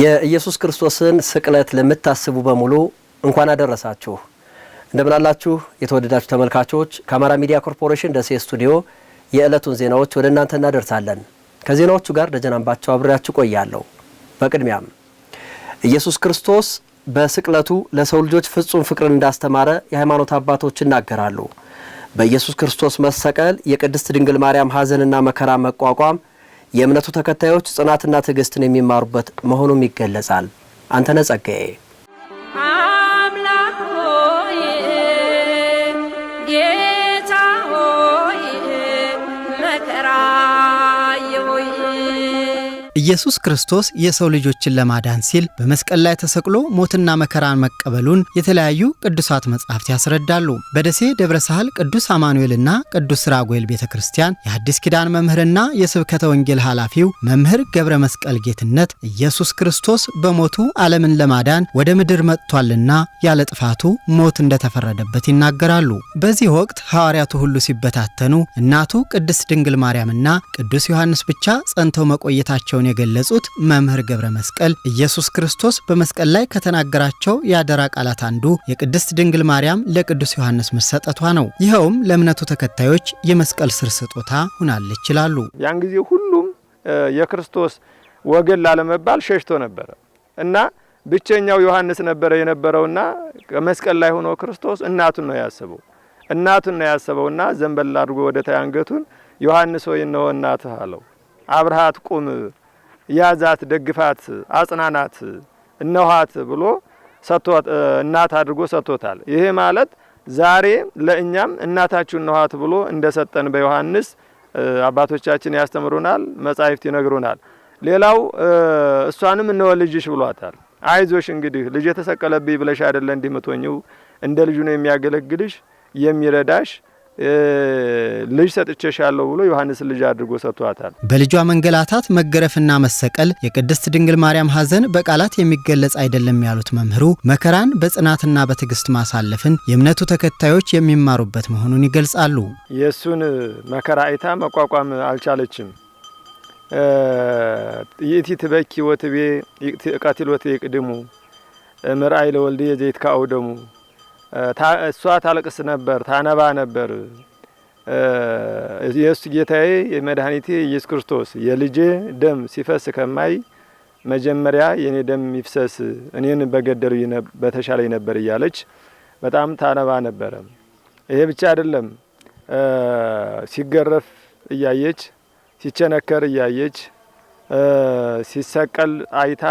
የኢየሱስ ክርስቶስን ስቅለት ለምታስቡ በሙሉ እንኳን አደረሳችሁ። እንደምናላችሁ የተወደዳችሁ ተመልካቾች፣ ከአማራ ሚዲያ ኮርፖሬሽን ደሴ ስቱዲዮ የዕለቱን ዜናዎች ወደ እናንተ እናደርሳለን። ከዜናዎቹ ጋር ደጀናንባቸው አብሬያችሁ ቆያለሁ። በቅድሚያም ኢየሱስ ክርስቶስ በስቅለቱ ለሰው ልጆች ፍጹም ፍቅርን እንዳስተማረ የሃይማኖት አባቶች ይናገራሉ። በኢየሱስ ክርስቶስ መሰቀል የቅድስት ድንግል ማርያም ሐዘንና መከራ መቋቋም የእምነቱ ተከታዮች ጽናትና ትዕግስትን የሚማሩበት መሆኑም ይገለጻል። አንተነህ ጸጋዬ ኢየሱስ ክርስቶስ የሰው ልጆችን ለማዳን ሲል በመስቀል ላይ ተሰቅሎ ሞትና መከራን መቀበሉን የተለያዩ ቅዱሳት መጻሕፍት ያስረዳሉ። በደሴ ደብረ ሳህል ቅዱስ አማኑኤልና ቅዱስ ራጉኤል ቤተ ክርስቲያን የአዲስ ኪዳን መምህርና የስብከተ ወንጌል ኃላፊው መምህር ገብረ መስቀል ጌትነት ኢየሱስ ክርስቶስ በሞቱ ዓለምን ለማዳን ወደ ምድር መጥቷልና ያለ ጥፋቱ ሞት እንደተፈረደበት ይናገራሉ። በዚህ ወቅት ሐዋርያቱ ሁሉ ሲበታተኑ እናቱ ቅድስት ድንግል ማርያምና ቅዱስ ዮሐንስ ብቻ ጸንተው መቆየታቸውን የገለጹት መምህር ገብረ መስቀል ኢየሱስ ክርስቶስ በመስቀል ላይ ከተናገራቸው የአደራ ቃላት አንዱ የቅድስት ድንግል ማርያም ለቅዱስ ዮሐንስ መሰጠቷ ነው። ይኸውም ለእምነቱ ተከታዮች የመስቀል ስር ስጦታ ሁናለች ይላሉ። ያን ጊዜ ሁሉም የክርስቶስ ወገን ላለመባል ሸሽቶ ነበረ እና ብቸኛው ዮሐንስ ነበረ የነበረውና መስቀል ላይ ሆኖ ክርስቶስ እናቱን ነው ያስበው እናቱን ነው ያሰበውና ዘንበል አድርጎ ወደ ታያንገቱን ዮሐንስ ሆይ እነሆ እናትህ አለው። አብርሃት ቁም ያዛት፣ ደግፋት፣ አጽናናት፣ እነኋት ብሎ እናት አድርጎ ሰጥቶታል። ይሄ ማለት ዛሬ ለእኛም እናታችሁ እነኋት ብሎ እንደሰጠን በዮሐንስ አባቶቻችን ያስተምሩናል፣ መጻሕፍት ይነግሩናል። ሌላው እሷንም እነሆ ልጅሽ ብሏታል። አይዞሽ እንግዲህ ልጅ የተሰቀለብኝ ብለሽ አይደለ እንዲህ ምትሆኚው እንደ ልጁ ነው የሚያገለግልሽ የሚረዳሽ ልጅ ሰጥቼሻለሁ ብሎ ዮሐንስን ልጅ አድርጎ ሰጥቷታል። በልጇ መንገላታት መገረፍና መሰቀል የቅድስት ድንግል ማርያም ሐዘን በቃላት የሚገለጽ አይደለም ያሉት መምህሩ መከራን በጽናትና በትዕግስት ማሳለፍን የእምነቱ ተከታዮች የሚማሩበት መሆኑን ይገልጻሉ። የእሱን መከራ አይታ መቋቋም አልቻለችም። ይእቲ ትበኪ ወትቤ ቀትል ወትቤ ቅድሙ ምርአይ ለወልድ የዘይት ደሙ እሷ ታለቅስ ነበር፣ ታነባ ነበር። የእሱ ጌታዬ የመድኃኒቴ ኢየሱስ ክርስቶስ የልጄ ደም ሲፈስ ከማይ መጀመሪያ የኔ ደም ይፍሰስ እኔን በገደሉ በተሻለኝ ነበር እያለች በጣም ታነባ ነበረ። ይሄ ብቻ አይደለም። ሲገረፍ እያየች፣ ሲቸነከር እያየች፣ ሲሰቀል አይታ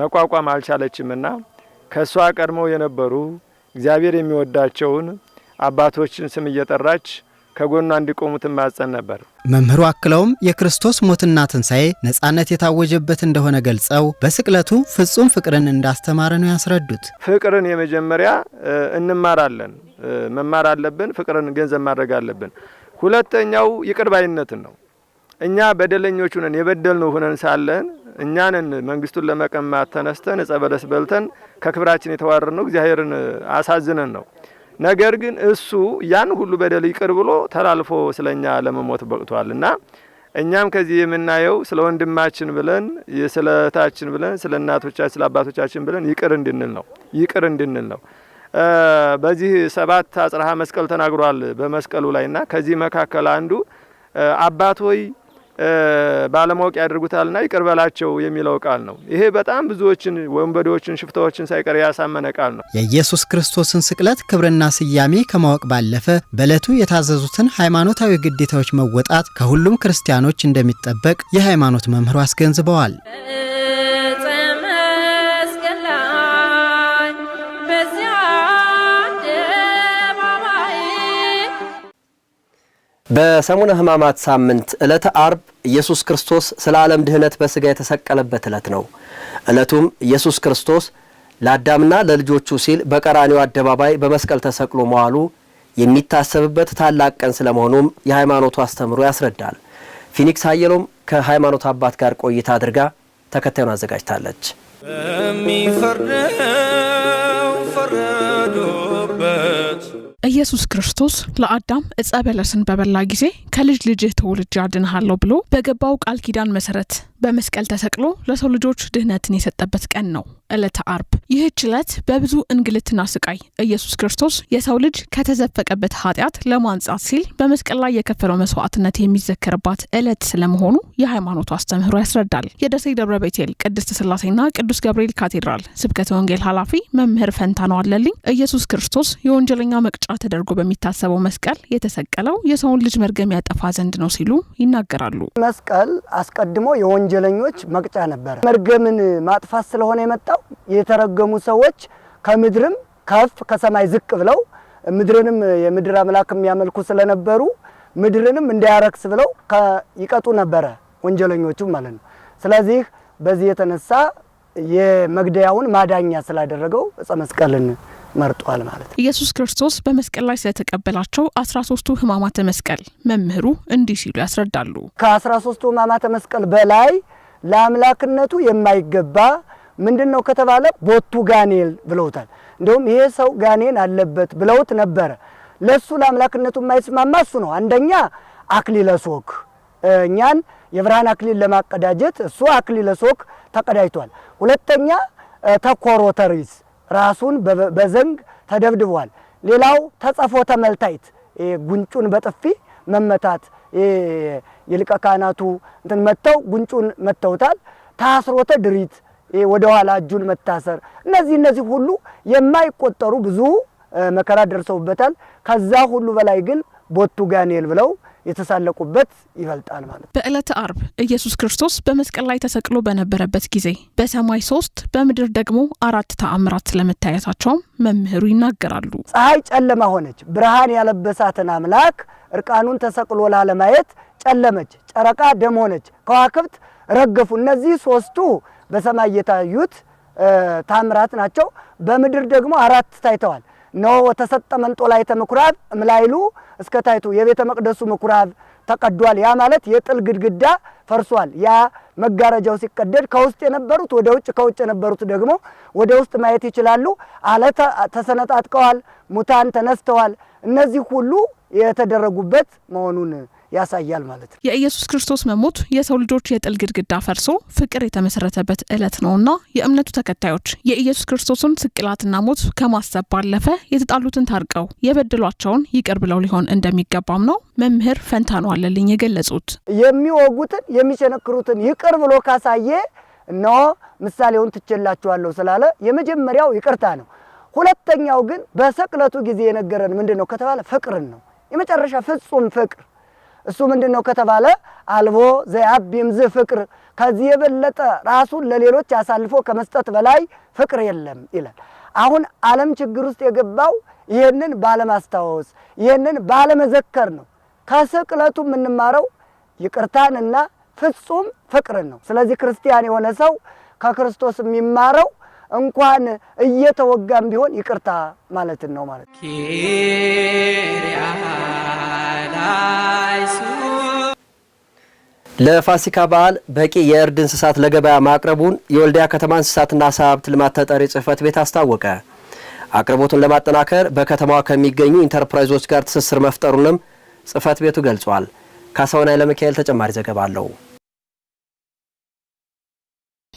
መቋቋም አልቻለችምና ከእሷ ቀድመው የነበሩ እግዚአብሔር የሚወዳቸውን አባቶችን ስም እየጠራች ከጎኗ እንዲቆሙ ትማጸን ነበር። መምህሩ አክለውም የክርስቶስ ሞትና ትንሣኤ ነጻነት የታወጀበት እንደሆነ ገልጸው በስቅለቱ ፍጹም ፍቅርን እንዳስተማረ ነው ያስረዱት። ፍቅርን የመጀመሪያ እንማራለን፣ መማር አለብን። ፍቅርን ገንዘብ ማድረግ አለብን። ሁለተኛው ይቅርባይነትን ነው። እኛ በደለኞች ሁነን የበደልነው ሁነን ሳለን እኛንን መንግስቱን ለመቀማት ተነስተን ዕፀ በለስ በልተን ከክብራችን የተዋረድ ነው እግዚአብሔርን አሳዝነን ነው። ነገር ግን እሱ ያን ሁሉ በደል ይቅር ብሎ ተላልፎ ስለ እኛ ለመሞት በቅቷል እና እኛም ከዚህ የምናየው ስለ ወንድማችን ብለን ስለ እህታችን ብለን ስለ እናቶቻችን ስለ አባቶቻችን ብለን ይቅር እንድንል ነው ይቅር እንድንል ነው። በዚህ ሰባት አጽርሃ መስቀል ተናግሯል በመስቀሉ ላይ እና ከዚህ መካከል አንዱ አባት ሆይ ባለማወቅ ያደርጉታልና ይቅር በላቸው የሚለው ቃል ነው። ይሄ በጣም ብዙዎችን ወንበዴዎችን፣ ሽፍታዎችን ሳይቀር ያሳመነ ቃል ነው። የኢየሱስ ክርስቶስን ስቅለት ክብርና ስያሜ ከማወቅ ባለፈ በዕለቱ የታዘዙትን ሃይማኖታዊ ግዴታዎች መወጣት ከሁሉም ክርስቲያኖች እንደሚጠበቅ የሃይማኖት መምህሩ አስገንዝበዋል። በሰሙነ ሕማማት ሳምንት ዕለተ አርብ ኢየሱስ ክርስቶስ ስለ ዓለም ድኅነት በሥጋ የተሰቀለበት ዕለት ነው። ዕለቱም ኢየሱስ ክርስቶስ ለአዳምና ለልጆቹ ሲል በቀራኒው አደባባይ በመስቀል ተሰቅሎ መዋሉ የሚታሰብበት ታላቅ ቀን መሆኑም የሃይማኖቱ አስተምሮ ያስረዳል። ፊኒክስ አየሎም ከሃይማኖት አባት ጋር ቆይታ አድርጋ ተከታዩን አዘጋጅታለች። ኢየሱስ ክርስቶስ ለአዳም እጸ በለስን በበላ ጊዜ ከልጅ ልጅህ ተወልጄ አድንሃለሁ ብሎ በገባው ቃል ኪዳን መሰረት በመስቀል ተሰቅሎ ለሰው ልጆች ድህነትን የሰጠበት ቀን ነው ዕለተ አርብ። ይህች ዕለት በብዙ እንግልትና ስቃይ ኢየሱስ ክርስቶስ የሰው ልጅ ከተዘፈቀበት ኃጢአት ለማንጻት ሲል በመስቀል ላይ የከፈለው መስዋዕትነት የሚዘከርባት ዕለት ስለመሆኑ የሃይማኖቱ አስተምህሮ ያስረዳል። የደሴ ደብረ ቤቴል ቅድስት ስላሴና ቅዱስ ገብርኤል ካቴድራል ስብከተ ወንጌል ኃላፊ መምህር ነው አለልኝ ኢየሱስ ክርስቶስ የወንጀለኛ መቅጫ ተደርጎ በሚ የሚታሰበው መስቀል የተሰቀለው የሰውን ልጅ መርገም ያጠፋ ዘንድ ነው ሲሉ ይናገራሉ። መስቀል አስቀድሞ የወንጀለኞች መቅጫ ነበረ። መርገምን ማጥፋት ስለሆነ የመጣው የተረገሙ ሰዎች ከምድርም ከፍ ከሰማይ ዝቅ ብለው ምድርንም የምድር አምላክ የሚያመልኩ ስለነበሩ ምድርንም እንዳያረክስ ብለው ይቀጡ ነበረ ወንጀለኞቹ ማለት ነው። ስለዚህ በዚህ የተነሳ የመግደያውን ማዳኛ ስላደረገው እጸ መስቀልን መርጧል ማለት ነው። ኢየሱስ ክርስቶስ በመስቀል ላይ ስለተቀበላቸው አስራ ሶስቱ ህማማተ መስቀል መምህሩ እንዲህ ሲሉ ያስረዳሉ። ከአስራ ሶስቱ ህማማተ መስቀል በላይ ለአምላክነቱ የማይገባ ምንድን ነው ከተባለ ቦቱ ጋኔል ብለውታል። እንደውም ይሄ ሰው ጋኔን አለበት ብለውት ነበረ። ለሱ ለአምላክነቱ የማይስማማ እሱ ነው። አንደኛ አክሊለ ሶክ እኛን የብርሃን አክሊል ለማቀዳጀት እሱ አክሊለ ሶክ ተቀዳጅቷል። ሁለተኛ ተኮሮተሪስ ራሱን በዘንግ ተደብድቧል። ሌላው ተጸፎተ መልታይት ጉንጩን በጥፊ መመታት የሊቀ ካህናቱ እንትን መተው ጉንጩን መተውታል። ታስሮተ ድሪት ወደኋላ እጁን መታሰር፣ እነዚህ እነዚህ ሁሉ የማይቆጠሩ ብዙ መከራ ደርሰውበታል። ከዛ ሁሉ በላይ ግን ቦቱ ጋኔል ብለው የተሳለቁበት ይበልጣል ማለት ነው። በዕለተ አርብ ኢየሱስ ክርስቶስ በመስቀል ላይ ተሰቅሎ በነበረበት ጊዜ በሰማይ ሶስት በምድር ደግሞ አራት ተአምራት ስለመታየታቸውም መምህሩ ይናገራሉ። ፀሐይ ጨለማ ሆነች፣ ብርሃን ያለበሳትን አምላክ እርቃኑን ተሰቅሎ ላለማየት ጨለመች፣ ጨረቃ ደም ሆነች፣ ከዋክብት ረገፉ። እነዚህ ሶስቱ በሰማይ የታዩት ታምራት ናቸው። በምድር ደግሞ አራት ታይተዋል። ነው ተሰጠ መንጦ ላይ ተምኩራብ እምላይሉ እስከ ታይቱ የቤተ መቅደሱ ምኩራብ ተቀዷል። ያ ማለት የጥል ግድግዳ ፈርሷል። ያ መጋረጃው ሲቀደድ ከውስጥ የነበሩት ወደ ውጭ፣ ከውጭ የነበሩት ደግሞ ወደ ውስጥ ማየት ይችላሉ። አለት ተሰነጣጥቀዋል፣ ሙታን ተነስተዋል። እነዚህ ሁሉ የተደረጉበት መሆኑን ያሳያል ማለት ነው። የኢየሱስ ክርስቶስ መሞት የሰው ልጆች የጥል ግድግዳ ፈርሶ ፍቅር የተመሰረተበት ዕለት ነውና የእምነቱ ተከታዮች የኢየሱስ ክርስቶስን ስቅላትና ሞት ከማሰብ ባለፈ የተጣሉትን ታርቀው የበደሏቸውን ይቅር ብለው ሊሆን እንደሚገባም ነው መምህር ፈንታኑ አለልኝ የገለጹት። የሚወጉትን የሚቸነክሩትን ይቅር ብሎ ካሳየ እነሆ ምሳሌውን ትችላችኋለሁ ስላለ የመጀመሪያው ይቅርታ ነው። ሁለተኛው ግን በስቅለቱ ጊዜ የነገረን ምንድን ነው ከተባለ ፍቅርን ነው። የመጨረሻ ፍጹም ፍቅር እሱ ምንድን ነው ከተባለ አልቦ ዘያቢም ዝህ ፍቅር ከዚህ የበለጠ ራሱን ለሌሎች አሳልፎ ከመስጠት በላይ ፍቅር የለም ይላል። አሁን ዓለም ችግር ውስጥ የገባው ይህንን ባለማስታወስ ይህንን ባለመዘከር ነው። ከስቅለቱ የምንማረው ይቅርታንና ፍጹም ፍቅርን ነው። ስለዚህ ክርስቲያን የሆነ ሰው ከክርስቶስ የሚማረው እንኳን እየተወጋም ቢሆን ይቅርታ ማለትን ነው ማለት ነው። ለፋሲካ በዓል በቂ የእርድ እንስሳት ለገበያ ማቅረቡን የወልዲያ ከተማ እንስሳትና ዓሳ ሀብት ልማት ተጠሪ ጽህፈት ቤት አስታወቀ። አቅርቦቱን ለማጠናከር በከተማዋ ከሚገኙ ኢንተርፕራይዞች ጋር ትስስር መፍጠሩንም ጽህፈት ቤቱ ገልጿል። ካሳሁን ኃይለሚካኤል ተጨማሪ ዘገባ አለው።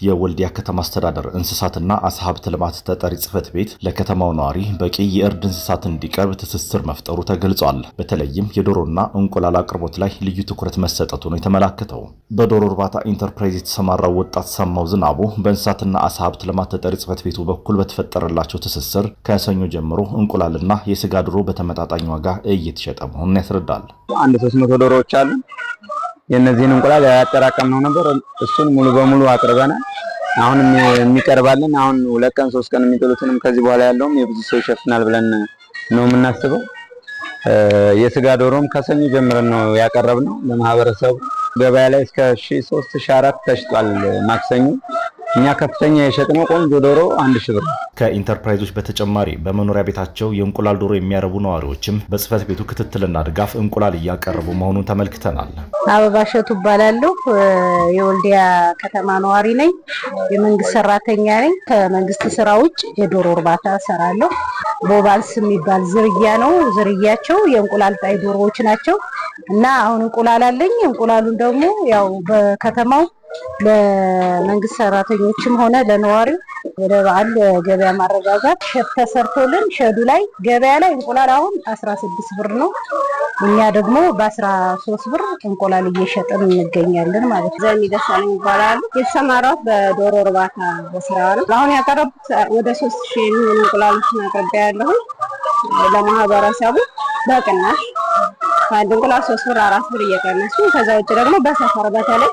የወልዲያ ከተማ አስተዳደር እንስሳትና አሳ ሀብት ልማት ተጠሪ ጽህፈት ቤት ለከተማው ነዋሪ በቂ የእርድ እንስሳት እንዲቀርብ ትስስር መፍጠሩ ተገልጿል። በተለይም የዶሮና እንቁላል አቅርቦት ላይ ልዩ ትኩረት መሰጠቱ ነው የተመላከተው። በዶሮ እርባታ ኢንተርፕራይዝ የተሰማራው ወጣት ሰማው ዝናቡ በእንስሳትና አሳ ሀብት ልማት ተጠሪ ጽህፈት ቤቱ በኩል በተፈጠረላቸው ትስስር ከሰኞ ጀምሮ እንቁላልና የስጋ ዶሮ በተመጣጣኝ ዋጋ እየተሸጠ መሆኑን ያስረዳል። አንድ ሶስት መቶ ዶሮዎች አሉ የነዚህን እንቁላል ያጠራቀምነው ነበር። እሱን ሙሉ በሙሉ አቅርበናል። አሁን የሚቀርባልን አሁን ሁለት ቀን ሶስት ቀን የሚጥሉትንም ከዚህ በኋላ ያለውም የብዙ ሰው ይሸፍናል ብለን ነው የምናስበው። የስጋ ዶሮም ከሰኞ ጀምረን ነው ያቀረብነው ለማህበረሰቡ ገበያ ላይ እስከ ሺህ ሶስት ሺህ አራት ተሽጧል። ማክሰኞ እኛ ከፍተኛ የሸጥነው ቆንጆ ዶሮ አንድ ሺ ብር። ከኢንተርፕራይዞች በተጨማሪ በመኖሪያ ቤታቸው የእንቁላል ዶሮ የሚያረቡ ነዋሪዎችም በጽህፈት ቤቱ ክትትልና ድጋፍ እንቁላል እያቀረቡ መሆኑን ተመልክተናል። አበባ ሸቱ እባላለሁ። የወልዲያ ከተማ ነዋሪ ነኝ። የመንግስት ሰራተኛ ነኝ። ከመንግስት ስራ ውጭ የዶሮ እርባታ ሰራለሁ። ቦባልስ የሚባል ዝርያ ነው። ዝርያቸው የእንቁላል ጣይ ዶሮዎች ናቸው እና አሁን እንቁላል አለኝ። እንቁላሉን ደግሞ ያው በከተማው ለመንግስት ሰራተኞችም ሆነ ለነዋሪው ወደ በዓል ገበያ ማረጋጋት ተሰርቶልን ሸዱ ላይ ገበያ ላይ እንቁላል አሁን አስራ ስድስት ብር ነው። እኛ ደግሞ በአስራ ሶስት ብር እንቁላል እየሸጥን እንገኛለን ማለት ነው። ዘሚ ደሳል ይባላሉ። የተሰማራት በዶሮ እርባታ በስራ ነው። አሁን ያቀረቡት ወደ ሶስት ሺህ የሚሆኑ እንቁላሎችን አቅርቤ ያለሁን ለማህበረሰቡ በቅናሽ ከአንድ እንቁላል ሶስት ብር አራት ብር እየቀነሱ ከዛ ውጭ ደግሞ በሰፈር በተለይ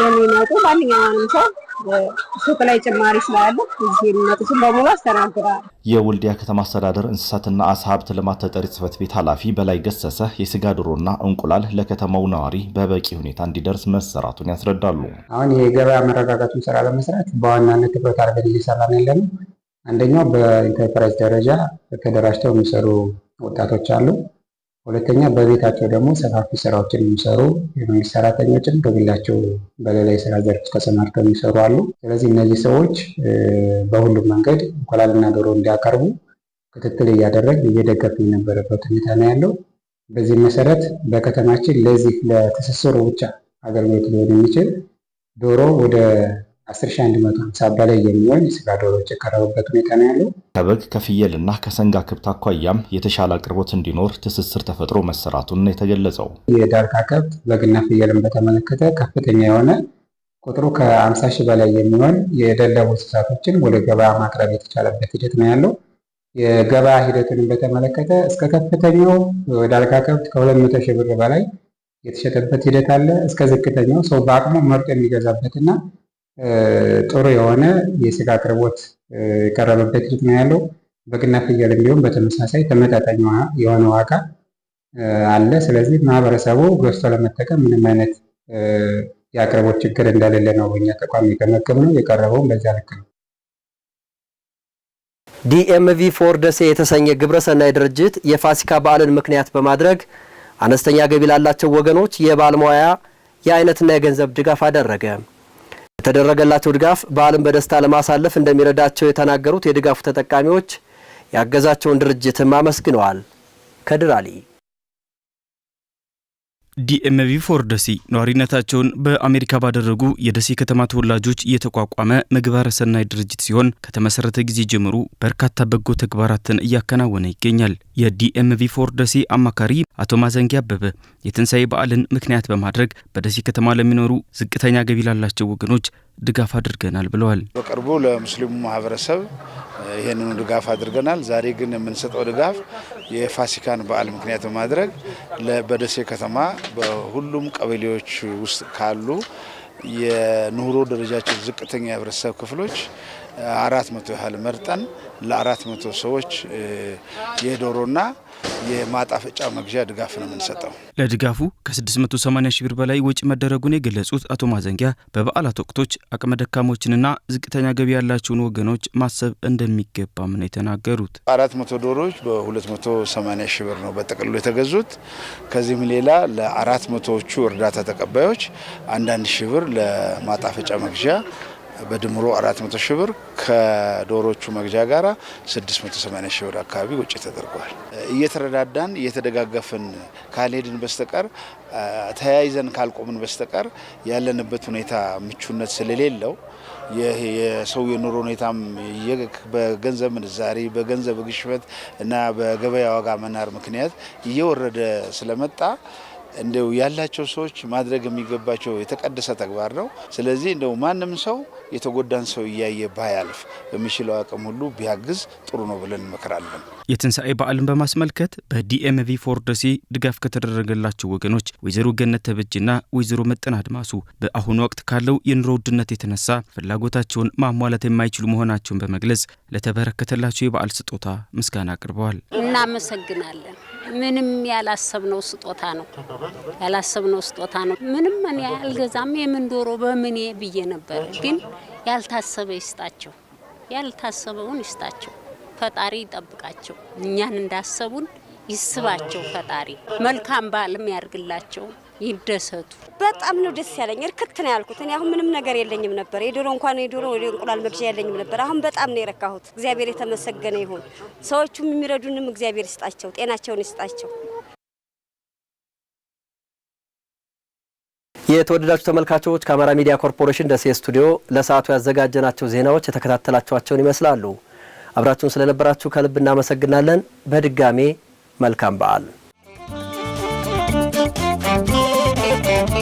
የሚመጡ ማንኛውንም ሰው ሱቅ ላይ ጭማሪ ስላለ እዚህ የሚመጡትን በሙሉ አስተናግዳል። የወልዲያ ከተማ አስተዳደር እንስሳትና አሳ ሀብት ልማት ተጠሪ ጽህፈት ቤት ኃላፊ በላይ ገሰሰ የስጋ ዶሮና እንቁላል ለከተማው ነዋሪ በበቂ ሁኔታ እንዲደርስ መሰራቱን ያስረዳሉ። አሁን የገበያ መረጋጋቱን ስራ ለመስራት በዋናነት ትኩረት አድርገን እየሰራን ያለ አንደኛው በኢንተርፕራይዝ ደረጃ ተደራጅተው የሚሰሩ ወጣቶች አሉ። ሁለተኛ በቤታቸው ደግሞ ሰፋፊ ስራዎችን የሚሰሩ የመንግስት ሰራተኞችን በግላቸው በሌላ የስራ ዘርፍ ተሰማርተው የሚሰሩ አሉ። ስለዚህ እነዚህ ሰዎች በሁሉም መንገድ እንቁላልና ዶሮ እንዲያቀርቡ ክትትል እያደረግ እየደገፍ የነበረበት ሁኔታ ነው ያለው። በዚህ መሰረት በከተማችን ለዚህ ለትስስሩ ብቻ አገልግሎት ሊሆን የሚችል ዶሮ ወደ 10150 በላይ የሚሆን የስጋ ዶሮዎች የቀረቡበት ሁኔታ ነው ያለው። ከበግ ከፍየልና ከሰንጋ ከብት አኳያም የተሻለ አቅርቦት እንዲኖር ትስስር ተፈጥሮ መሰራቱን የተገለጸው የዳርካ ከብት በግና ፍየልን በተመለከተ ከፍተኛ የሆነ ቁጥሩ ከ50 ሺህ በላይ የሚሆን የደለቡ እንስሳቶችን ወደ ገበያ ማቅረብ የተቻለበት ሂደት ነው ያለው። የገበያ ሂደቱን በተመለከተ እስከ ከፍተኛው ዳርካ ከብት ከ200 ሺህ ብር በላይ የተሸጠበት ሂደት አለ። እስከ ዝቅተኛው ሰው በአቅሙ መርጦ የሚገዛበትና ጥሩ የሆነ የስጋ አቅርቦት የቀረበበት ሂደት ነው ያለው። በግና ፍየል እንዲሁም በተመሳሳይ ተመጣጣኝ የሆነ ዋጋ አለ። ስለዚህ ማህበረሰቡ ገዝቶ ለመጠቀም ምንም አይነት የአቅርቦት ችግር እንደሌለ ነው በኛ ተቋም የገመገም ነው። የቀረበውም በዚያ ልክ ነው። ዲኤምቪ ፎር ደሴ የተሰኘ ግብረሰናይ ድርጅት የፋሲካ በዓልን ምክንያት በማድረግ አነስተኛ ገቢ ላላቸው ወገኖች የባለሙያ የአይነትና የገንዘብ ድጋፍ አደረገ። የተደረገላቸው ድጋፍ በዓልን በደስታ ለማሳለፍ እንደሚረዳቸው የተናገሩት የድጋፉ ተጠቃሚዎች ያገዛቸውን ድርጅትም አመስግነዋል። ከድር አሊ ዲኤምቪ ፎር ደሴ ነዋሪነታቸውን በአሜሪካ ባደረጉ የደሴ ከተማ ተወላጆች እየተቋቋመ ምግባረ ሰናይ ድርጅት ሲሆን ከተመሰረተ ጊዜ ጀምሮ በርካታ በጎ ተግባራትን እያከናወነ ይገኛል። የዲኤምቪ ፎር ደሴ አማካሪ አቶ ማዘንጌ አበበ የትንሣኤ በዓልን ምክንያት በማድረግ በደሴ ከተማ ለሚኖሩ ዝቅተኛ ገቢ ላላቸው ወገኖች ድጋፍ አድርገናል ብለዋል። በቅርቡ ለሙስሊሙ ማህበረሰብ ይህንኑ ድጋፍ አድርገናል። ዛሬ ግን የምንሰጠው ድጋፍ የፋሲካን በዓል ምክንያት በማድረግ በደሴ ከተማ በሁሉም ቀበሌዎች ውስጥ ካሉ የኑሮ ደረጃቸው ዝቅተኛ የህብረተሰብ ክፍሎች አራት መቶ ያህል መርጠን ለአራት መቶ ሰዎች የዶሮና የማጣፈጫ መግዣ ድጋፍ ነው የምንሰጠው። ለድጋፉ ከ680 ሺህ ብር በላይ ወጪ መደረጉን የገለጹት አቶ ማዘንጊያ በበዓላት ወቅቶች አቅመ ደካሞችንና ዝቅተኛ ገቢ ያላቸውን ወገኖች ማሰብ እንደሚገባም ነው የተናገሩት። መቶ ዶሮዎች በ280 ሺህ ብር ነው በጥቅሉ የተገዙት። ከዚህም ሌላ ለአራት መቶዎቹ እርዳታ ተቀባዮች አንዳንድ ሺህ ብር ለማጣፈጫ መግዣ በድምሮ 400 ሺህ ብር ከዶሮቹ መግዣ ጋር 680 ሺህ ብር አካባቢ ወጪ ተደርጓል። እየተረዳዳን እየተደጋገፍን ካልሄድን በስተቀር ተያይዘን ካልቆምን በስተቀር ያለንበት ሁኔታ ምቹነት ስለሌለው የሰው የኑሮ ሁኔታም በገንዘብ ምንዛሪ፣ በገንዘብ ግሽበት እና በገበያ ዋጋ መናር ምክንያት እየወረደ ስለመጣ እንደው ያላቸው ሰዎች ማድረግ የሚገባቸው የተቀደሰ ተግባር ነው። ስለዚህ እንደው ማንም ሰው የተጎዳን ሰው እያየ ባያልፍ በሚችለው አቅም ሁሉ ቢያግዝ ጥሩ ነው ብለን እንመክራለን። የትንሣኤ በዓልን በማስመልከት በዲኤምቪ ፎርደሲ ድጋፍ ከተደረገላቸው ወገኖች ወይዘሮ ገነት ተበጅና ወይዘሮ መጠን አድማሱ በአሁኑ ወቅት ካለው የኑሮ ውድነት የተነሳ ፍላጎታቸውን ማሟላት የማይችሉ መሆናቸውን በመግለጽ ለተበረከተላቸው የበዓል ስጦታ ምስጋና አቅርበዋል። እናመሰግናለን። ምንም ያላሰብነው ስጦታ ነው። ያላሰብነው ስጦታ ነው። ምንም እኔ አልገዛም የምን ዶሮ በምኔ ብዬ ነበር። ግን ያልታሰበ ይስጣቸው፣ ያልታሰበውን ይስጣቸው። ፈጣሪ ይጠብቃቸው። እኛን እንዳሰቡን ይስባቸው። ፈጣሪ መልካም በዓልም ያርግላቸው። ይደሰቱ። በጣም ነው ደስ ያለኝ። እርክት ነው ያልኩት። እኔ አሁን ምንም ነገር የለኝም ነበር። የዶሮ እንኳን የዶሮ እንቁላል መግዣ የለኝም ነበር። አሁን በጣም ነው የረካሁት። እግዚአብሔር የተመሰገነ ይሁን። ሰዎቹም የሚረዱንም እግዚአብሔር ይስጣቸው፣ ጤናቸውን ይስጣቸው። የተወደዳችሁ ተመልካቾች ከአማራ ሚዲያ ኮርፖሬሽን ደሴ ስቱዲዮ ለሰዓቱ ያዘጋጀናቸው ዜናዎች የተከታተላችኋቸውን ይመስላሉ። አብራችሁን ስለነበራችሁ ከልብ እናመሰግናለን። በድጋሜ መልካም በዓል